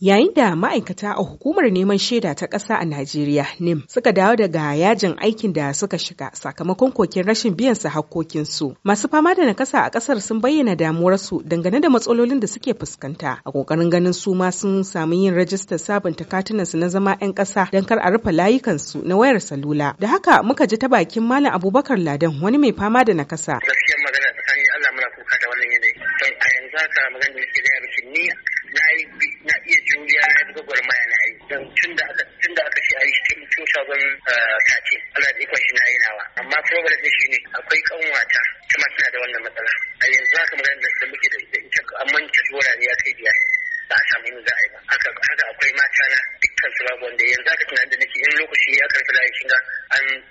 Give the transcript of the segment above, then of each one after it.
Yayin da ma'aikata a hukumar neman shaida ta ƙasa a Najeriya NIM suka dawo daga yajin aikin da suka shiga sakamakon kokin rashin biyan su hakkokinsu. Masu fama da nakasa a ƙasar sun bayyana damuwarsu dangane da matsalolin da suke fuskanta a ƙoƙarin ganin su ma sun samu yin rajistar sabunta katunansu na zama 'yan ƙasa don kar a rufe layukansu na wayar salula. Da haka muka ji ta bakin Malam Abubakar Ladan wani mai fama da nakasa. ni na yi na iya juriya na zuba gwarmaya na yi don tun da aka tun da aka ce a yi shi tun eh, sace Allah da ikon shi na yi nawa amma problem shi ne akwai kanwata ta suna da wannan matsala a yanzu haka magana da muke da ita amma ta tsora ne ya kai biyar ba a samu yin za a yi ba haka akwai mata na dukkan su babu wanda yanzu haka tunanin da nake in lokaci ya karfi layin shiga an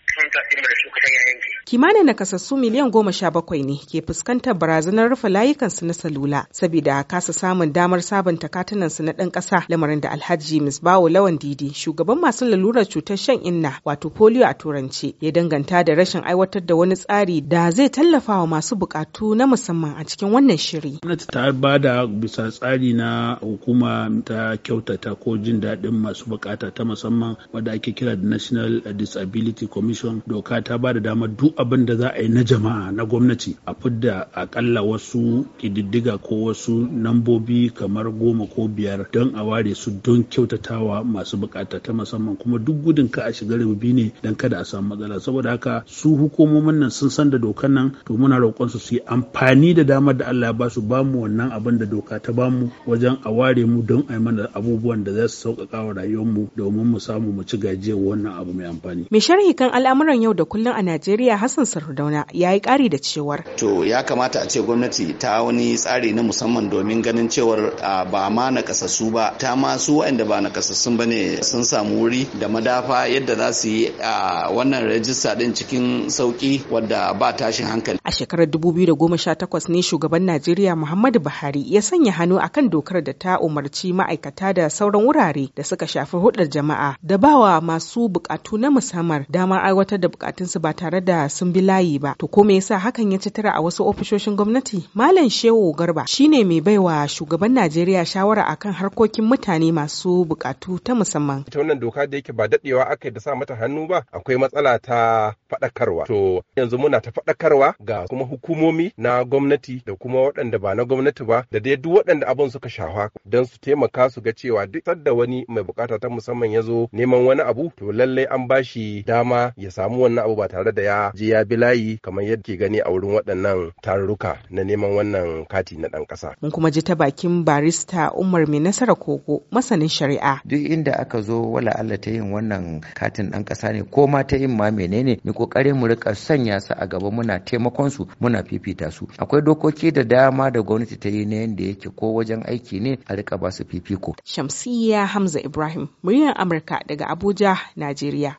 Kimanin nakasassu miliyan goma sha bakwai ne ke fuskantar barazanar rufe layukansu na salula saboda kasa samun damar sabunta katunansu na ɗan ƙasa lamarin da Alhaji Misbawo Lawan Didi shugaban masu lalurar cutar shan inna wato polio a Turanci, ya danganta da rashin aiwatar da wani tsari da zai tallafa wa masu bukatu na musamman a cikin wannan shiri. Gwamnati ta ba da bisa tsari na hukuma ta kyautata ko jin daɗin masu bukata ta musamman wanda ake kira da National Disability accountability commission doka ta ba da damar duk abin da za a yi na jama'a na gwamnati a fidda akalla wasu kididdiga ko wasu nambobi kamar goma ko biyar don a ware su don kyautatawa masu bukata ta musamman kuma duk gudun ka a shiga rububi ne don kada a samu matsala saboda haka su hukumomin nan sun san da dokan nan to muna roƙon su su yi amfani da damar da Allah ya ba su ba mu wannan abin da doka ta ba mu wajen a ware mu don a yi mana abubuwan da za su sauƙaƙa wa rayuwar mu domin mu samu mu ci gajiyar wannan abu mai amfani. sharhi kan al'amuran yau da kullum a Najeriya Hassan Sardauna ya yi ƙari da cewar. To ya kamata a ce gwamnati ta wani tsari na musamman domin ganin cewar ba ma na kasassu ba ta ma su waɗanda ba na kasassun ba ne sun samu wuri da madafa yadda za su yi a wannan rajista din cikin sauki wadda ba tashin hankali. A shekarar dubu da 2018 ne shugaban Najeriya Muhammadu Buhari ya sanya hannu akan dokar da ta umarci ma'aikata da sauran wurare da suka shafi hudar jama'a da bawa masu bukatu na musamman damar aiwatar da bukatunsu ba tare da sun bi layi ba to ko me yasa hakan ya ci tara a wasu ofishoshin gwamnati malam shehu garba shine mai baiwa shugaban najeriya shawara akan harkokin mutane masu bukatu ta musamman ita wannan doka da yake ba dadewa aka da sa mata hannu ba akwai matsala ta faɗakarwa to yanzu muna ta faɗakarwa ga kuma hukumomi na gwamnati da kuma waɗanda ba na gwamnati ba da dai duk waɗanda abin suka shafa don su taimaka su ga cewa duk sadda wani mai bukata ta musamman ya zo neman wani abu to lallai an bashi da dama ya samu wannan abu ba tare da ya je ya bi layi kamar yadda ke gani a wurin waɗannan tarurruka na neman wannan kati na ɗan ƙasa. Mun kuma ji ta bakin barista Umar mai nasara kogo masanin shari'a. Duk inda aka zo wala Allah ta yin wannan katin ɗan ƙasa ne ko ma ta yin ma menene ni ƙoƙarin mu rika sanya su a gaba muna taimakon su muna fifita su. Akwai dokoki da dama da gwamnati ta yi na yanda yake ko wajen aiki ne a rika ba su fifiko. Shamsiyya Hamza Ibrahim, muryar Amurka daga Abuja, Najeriya.